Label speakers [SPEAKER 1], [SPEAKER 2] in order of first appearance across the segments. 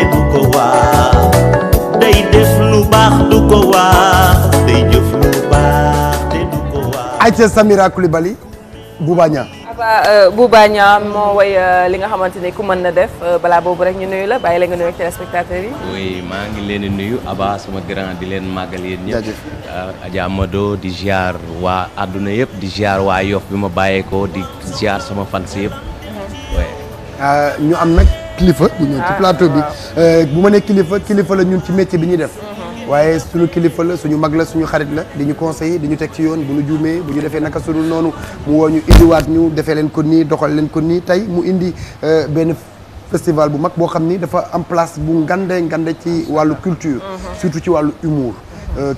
[SPEAKER 1] ne du ko wax day def lu baax du ko wax day jëf lu baax te du ko
[SPEAKER 2] wax euh, moo woy euh, li nga xamante ni ku mën na def euh, balaa boobu rek ñu nuyu la bàyyi la nga nuyu ak téléspectateurs yi.
[SPEAKER 1] maa ngi leen di nuyu Aba sama grand di leen màggal yéen ñëpp. jaajëf Adja di ziar waa àdduna yëpp di ziar waa Yoff bi ma bàyyeekoo di ziar sama fans yëpp. Mhm.
[SPEAKER 2] ñu am nag. kilifa bu ñëw ci ah, plateau bi euh, bu ma nee kilifa kilifa la ñun ci métier bi ñuy def mm-hmm. waaye suñu kilifa la suñu mag la suñu xarit la di ñu conseiller di ñu teg ci yoon bu ñu juumee bu ñu defee naka sudul noonu mu woo ñu indiwaat ñu defee leen ko nii doxal leen ko nii tey mu indi euh, benn festival bu mag boo xam ni dafa am place bu ngande ngande ci wàllu culture mm-hmm. surtout ci wàllu humour euh,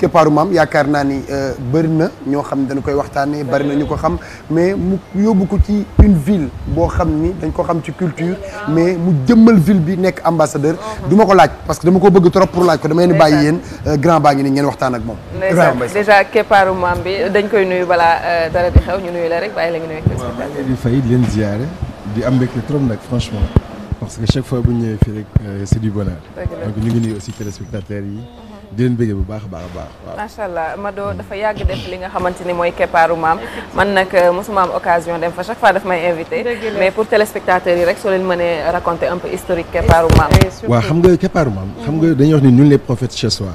[SPEAKER 2] keppaaru maam yaakaar naa ni euh, bëri na ñoo xam ne dañu koy waxtaanee bëri na ko xam mais mu yóbbu ko ci une ville boo xam ni dañ ko xam ci culture mais mu jëmmal ville bi nekk ambassadeur du ma ko laaj parce que dama ko bëgg trop pour laaj ko damay ni bàyyi yéen euh, grand baa ngi ni ngeen waxtaan ak moom déjà keppaaru maam bi dañ koy nuyu balaa euh, dara di xew ñu nuyu la rek bàyyi la ñu nuyu ak
[SPEAKER 3] di fay di leen ziyaare di am mbégte trop nag franchement parce que chaque fois bu ñëwee fii rek c'est du bonheur di bu baax a baax a baax waaw
[SPEAKER 2] macha allah Mado dafa yàgg li nga xamante ni mooy keppaaru maam man nag euh, mosuma am occasion dem fa chaque fois daf may invité rek soo leen mënee raconter un peu historique keppaaru xam
[SPEAKER 3] nga keppaaru wax ni ñun les prophètes chez soi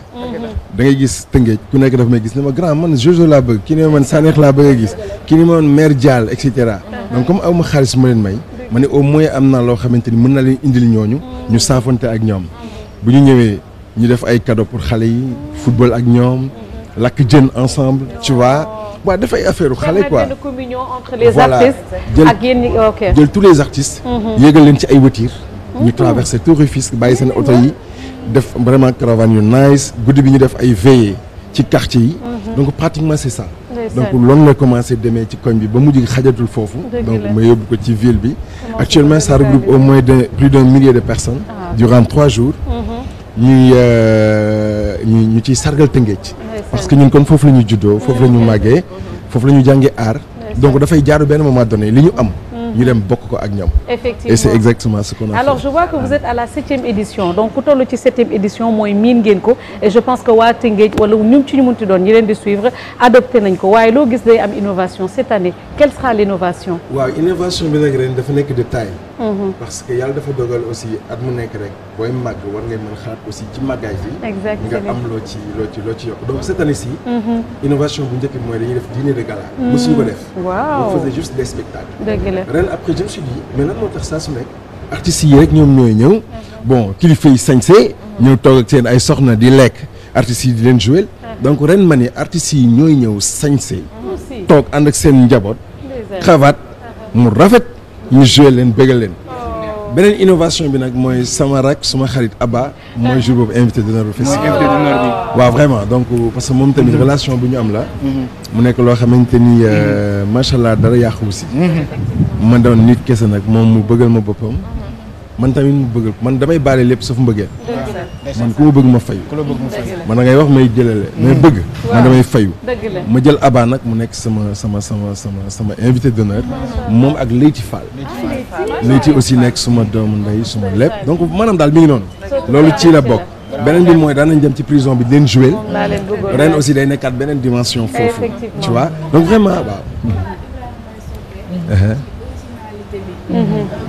[SPEAKER 3] da ngay gis tëngeej ku nekk dafa may gis ne ma grand man Jojo laa bëgg ki ne man Sanex laa bëgg a gis ki ne man mère Dial et cetera donc comme aw ma xaalis ma leen may ma ne au moins am naa loo xamante ni mën na leen indil ñooñu ñu saafonte ak ñoom bu ñu ñëwee ñu def ay cadeaux pour xale yi football ak ñoom lakk jën ensemble tu vois waaw def ay affaire xale quoi
[SPEAKER 1] communion entre jël
[SPEAKER 3] tous les artistes mhm. yéegal leen ci ay voiture mhm. ñu traversé tout Rufisque bàyyi seen oto yi def vraiment caravane yu nice guddi bi ñu def ay veillées ci quartier yi mhm. donc pratiquement c'est ça donc loolu la commencé demee ci koñ bi ba mu mujj xajatul foofu donc ma yóbbu ko ci ville bi actuellement ça regroupe au moins de plus d'un millier de personnes ah. durant trois jours Euh, ñuy ñu ci ciy sargal Tëngéej parce que ñun kon foofu la ñu juddoo foofu la ñu màggee foofu la ñu jàngee aar donc dafay jaaru benn moment donné li ñu am mhm. ñu dem bokk ko ak ñoom.
[SPEAKER 1] effectivement et c'est
[SPEAKER 3] exactement ce qu'on
[SPEAKER 1] a
[SPEAKER 2] la septième édition donc toll ci septième édition mooy miin ngeen ko e je pense que waa Tëngéej wala ñum ci ñu munti doon ñi leen di suivre adopté nañ ko waaye loo gis day am innovation cette année quelle
[SPEAKER 1] sera l'innovation
[SPEAKER 3] waaw innovation bi nag ren dafa nekk de taille.
[SPEAKER 1] Mhm. parce
[SPEAKER 3] que yàlla dafa dogal aussi at mu nekk rek. booy màgg war ngay mën xalaat aussi ci màggaay bi. nga am loo ci loo ci loo ci yokk donc cette année ci. Mhm. innovation bu njëkk mooy dañuy def dîner de gala. Mhm. mosuñu ko def. waaw on faisait juste des spectacles. dëgg moo tax saa su nekk. artistes yi rek ñoom ñooy ñëw. Mhm. bon kilifay yi sañse. ñëw toog ak seen ay soxna di lekk artistes yi di leen jouer. donc ren ma ni artistes yi ñooy ñëw sañse. toog ànd ak seen njaboot. cravate mu rafet ñu jouer leen bégal leen. beneen innovation bi nag mooy sama rak suma xarit Abba mooy jour boobu invité d'honneur bi festival mooy invité d'honneur bi. waaw vraiment donc parce que moom tamit mhm. relation bu ñu am la. Mhm. mu nekk loo xamante ni euh, mhm. macha allah dara yàquwu si. ma doon nit kese nag moom mu bëggal ma boppam. man tamit mu bëgg man damay baale lépp sauf mbëggeel man ku ma bëgg ma fayu man da ngay wax may jëlale mais bëgg man damay fayu ma jël abaa nag mu nekk sama sama sama sama sama invité d'honneur moom ak Leyti Fall Leyti aussi nekk suma doomu ndey suma lépp donc maanaam daal mi ngi noonu loolu ci la bokk beneen bi mooy daan nañ dem ci prison bi leen jouer ren aussi day nekkaat beneen dimension foofu tu vois donc vraiment waaw
[SPEAKER 2] mmh. uhhuh.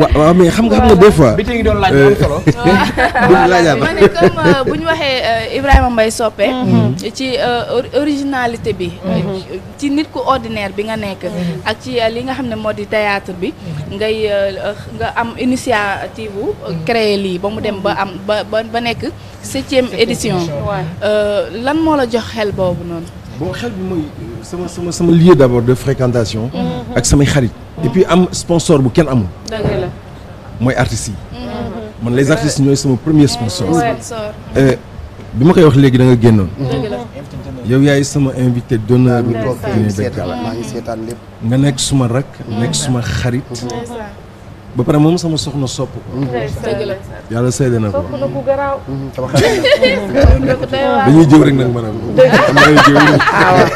[SPEAKER 3] waaw mais xam nga xam nga des fois. bi tey doon laaj am solo. Euh, ma ne comme euh, bu
[SPEAKER 2] ñu waxee euh, Ibrahima Mbaye Sopé. Mm-hmm. ci originalité bi. Mm-hmm. ci nit ku ordinaire bi nga nekk. Mm-hmm. ak ci li nga xam ne moo di théâtre bi. ngay nga am initiative bu créer lii ba mu dem ba am ba ba nekk septième édition. lan moo la jox xel boobu noonu.
[SPEAKER 3] bon xel bi mooy sama sama sama lieu d'abord de fréquentation. ak samay xarit. et am sponsor bu kenn amul.
[SPEAKER 1] dëgg
[SPEAKER 3] mooy artistes yi. Mhm. man les artistes ñooy sama premier sponsor. Euh, bi ma koy wax léegi da nga génnoon. yow yaay sama invité d'honneur. bu toog maa ngi seetaan lépp. nga nekk suma rakk. nekk suma xarit. ba pare moom sama soxna sopp ko. yàlla seede na ko. sopp na ku garaaw. Mhm,
[SPEAKER 1] dañuy nag maanaam. dëgg la ah,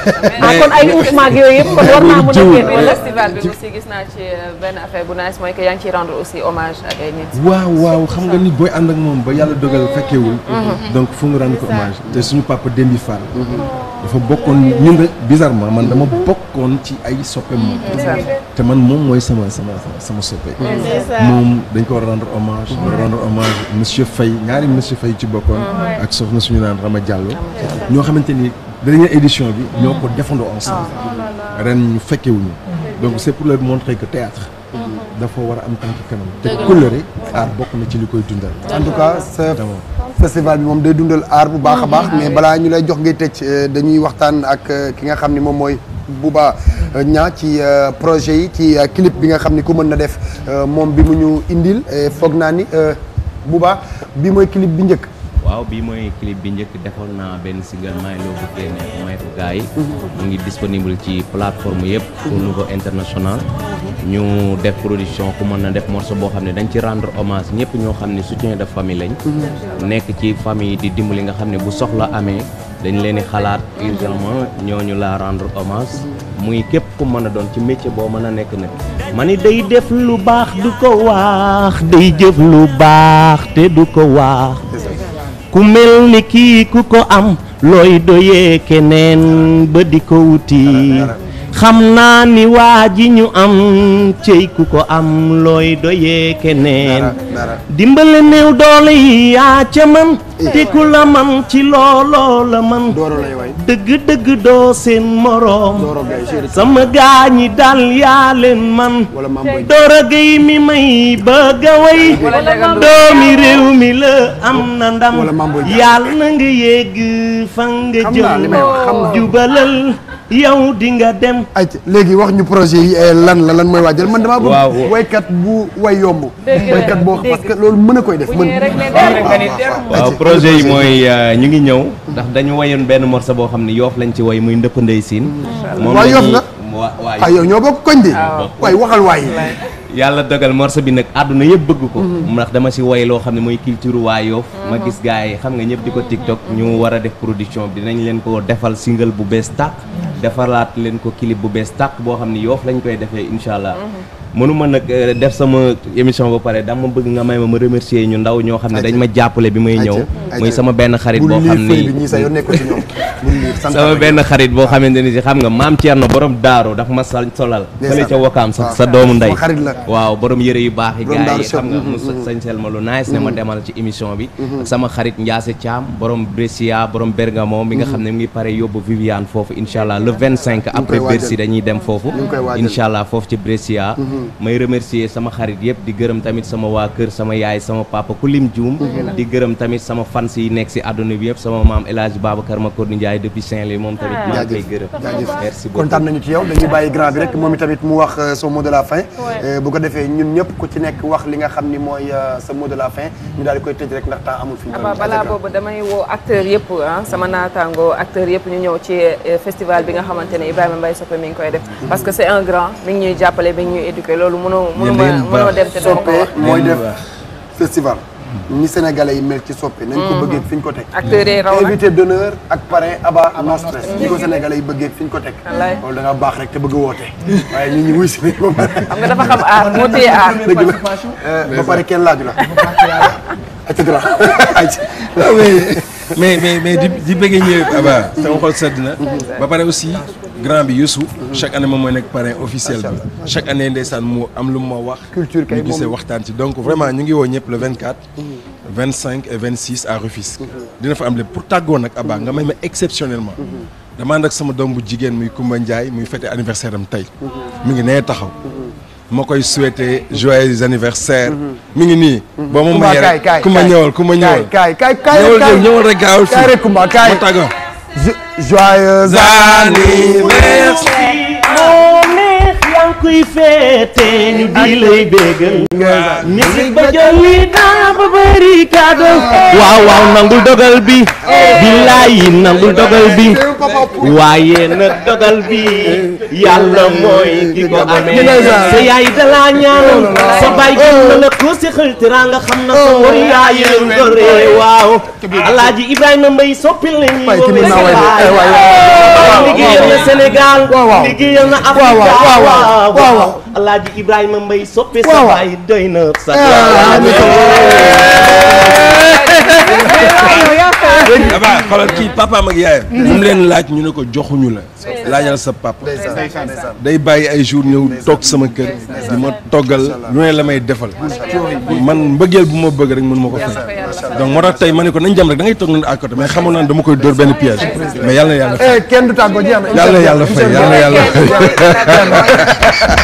[SPEAKER 1] ah, kon ay Ousmane ak yooyu yëpp kon war
[SPEAKER 3] naa mën a génn wala.
[SPEAKER 2] festival bi naa ci euh, benn mooy que yaa ngi ciy rendre aussi hommage ak ay nit.
[SPEAKER 3] waaw waaw xam nga nit booy ànd ak moom ba yàlla dogal mm-hmm. fekkewul mm-hmm. donc fu nga rendre ko hommage. te suñu papa Demba Fall. Mm-hmm. dafa bokkoon ñun de bizarrement man dama bokkoon ci ay soppeem moom. te man moom mooy sama sama sama soppe. moom dañ ko rendre hommage rendre hommage monsieur Faye ñaari monsieur Faye ci bokkoon ak soxna suñu naan Rama Diallo ñoo xamante ni dernière édition bi mm. ñoo ko defandoo ensemble oh, oh ren ñu fekkewuñu mm. donc c'est pour leur montrer que théâtre mm-hmm. dafa war a am tànk kanam te couleur aar bokk na ci li koy dundal en tout cas sa festival bi moom day dundal aar bu baax a baax mm-hmm. mais ah balaa ñu lay jox ngay
[SPEAKER 2] tëj euh, dañuy waxtaan ak euh, ki nga xam ni moom mooy Bouba ñaa ci euh, projet yi ci euh, clip bi nga xam ni ku mën na def euh, moom bi mu ñu indil foog naa ni Bouba bi mooy clip bi njëkk.
[SPEAKER 1] waaw bii mooy clip bi njëkk defoon naa benn single maay loo ko gars yi mu ngi disponible ci plateforme yëpp au niveau international ñu def production ku mën na def morceau boo xam ne dañ ci rendre hommage ñëpp ñoo xam ne soutien de famille lañ mhm. nekk ci famille di dimbali nga xam ne bu soxla amee dañ leen di xalaat urgentement ñooñu laa rendre hommage muy képp ku mën a doon ci métier boo mën a nekk nag ma ni day def lu baax du ko waax day jëf lu baax te du ko waax ku mel ni kii ku ko am looy doyee keneen ba di ko wuti xam naa ni waa ji ñu am cey ku ko am looy doyee keneen dimbale néew doole yi yaa ca man eh. te ku la man ci looloo la man dëgg dëgg doo seen moroom sama gaa ñi dal yaa leen man doora géy mi may bëgg way doomi réew mi la am na ndam yàlla na nga yegg fa nga jëm jubalal yow di nga dem. ay léegi wax ñu projet yi eh,
[SPEAKER 2] lan la lan mooy waajal man damaa bëgg. waykat bu way yomb. waykat boo parce que loolu mën a koy def. mën
[SPEAKER 1] waaw projet yi mooy euh, ñu ngi ñëw. ndax dañu wayoon benn morceau boo xam ne yoof lañ ci woy muy ndëpp ndey siin. moom nga ñuy waaw ah, yow ñoo bokk koñ de. Ah, waaw waxal waay yàlla dogal morceau bi nag àdduna yëpp bëgg ko. Mm-hmm. ndax dama si woy loo xam ne mooy culture waa Yoff mm-hmm. ma gis gars yi xam nga ñëpp di ko TikTok. ñu war a def production bi dinañ leen ko defal single bu bees tàq. defaraat leen ko clip bu bees tàq boo xam ni yoof lañ koy defee incha allah. Mhm. mënuma nag euh, def sama émission ba pare dama bëgg nga may ma ma remercier ñu ndaw ñoo xam ne dañ ma jàppale bi may ñëw. muy sama benn xarit boo xam ne sama benn xarit boo xamante ni si xam nga maam na boroom daaru dafa ma sal solal. fële ca Wakaam sax sa ah, doomu ndey waaw borom yëre yu baax yi gars yi xam nga mu mhm. sañsel ma lu nice ne ma mhm. demal ci émission bi. ak sama xarit Ndiasse Thiam borom Brescia borom Bergamo mi nga ne vingt cinq après Bercy dañuy dem foofu incha allah foofu ci Brescia mhm. may remercier sama xarit yëpp di gërëm tamit sama waa kër sama yaay sama papa ku lim juum mhm. di gërëm tamit sama fans yi nekk si àdduna bi yëpp moom tamit ah. mu wax
[SPEAKER 2] euh, son mot de la fin euh, bu ko defee ñun ñëpp ku ci nekk wax li nga xam ni mooy euh, sa mot de la fin ñu daal di koy tëj rek ndax temps amul fi ah, balaa boobu damay woo acteur yëpp sama naataango acteur yëpp ñu ñëw ci festival bi nga xamante ne Ibrahima Mbaye Sopé koy def parce que c'est un grand mi ñuy jàppale mi ñuy éduquer loolu mënoo mënoo dem te doo ko mooy def festival ñi sénégalais yi mel ci Sopé nañ ko mm. bëggee fi ko teg acteur yi raw invité d'honneur ak parrain Aba No Stress ñi ko sénégalais bëggee fi ko teg loolu nga baax rek te bëgg woote waaye ñi ñu wuy si
[SPEAKER 3] nañ ba xam nga dafa xam
[SPEAKER 2] aar moo téye aar eh,
[SPEAKER 3] ba pare kenn laaju la et cetera mais mais di di bëggee ñëw Aba ah sama xol sedd na ba pare aussi grand bi Youssou chaque année moom mooy nekk parrain officiel bi chaque année ndeysaan mu am lu ma wax culture kay gisee waxtaan ci donc vraiment ñu ngi woo ñëpp le 24 25 et 26 à Rufisque dina fa am lépp pour tàggoo nag Aba ah nga may ma exceptionnellement dama ànd ak sama doom bu jigéen muy Koumba njaay muy fête anniversaire am tey mu ngi nee taxaw ma koy souhaité joyeux anniversaire. Mhm. mi ngi nii. boo ma ma ñëwal ku ma ñëwal. kaay kaay kaay ñëwal ñëwal rek gaawul ma tàggoo.
[SPEAKER 1] joyeux anniversaire. kuy féete ñu di lay bégal. musique ba jolli dara ba bëri kado. waaw waaw nangul dogal bi. Eh. billaay nangul eh. dogal bi. Eh. waaye na dogal bi. yàlla mooy ki ko amee. sa yaay dalaa ñaanal. sa baay gën na la ko si xel teraanga xam na sa war yaay goree waaw. alaaji Ibrahima Mbaye soppil nañu. liggéeyal na Sénégal. liggéeyal na Afrique waaw waaw waaw alaaji Ibrahima Mbaye soppe sa baay doy na sa aba xoolal kii papaam ak yaayam mm-hmm.
[SPEAKER 3] mu leen laaj ñu ne ko joxuñu la laajal sa papa day bàyyi ay jour ñëw toog sama kër di ma toggal lu ne la may defal man mbëggeel bu ma bëgg rek mën ma ko fay donc moo tax tey ma ne ko nañ jam rek da ngay toog na à mais xamoon naa dama koy dóor benn piège mais yàlla na yàlla fay
[SPEAKER 2] eh, yàlla na yàlla fa yàlla na yàlla fay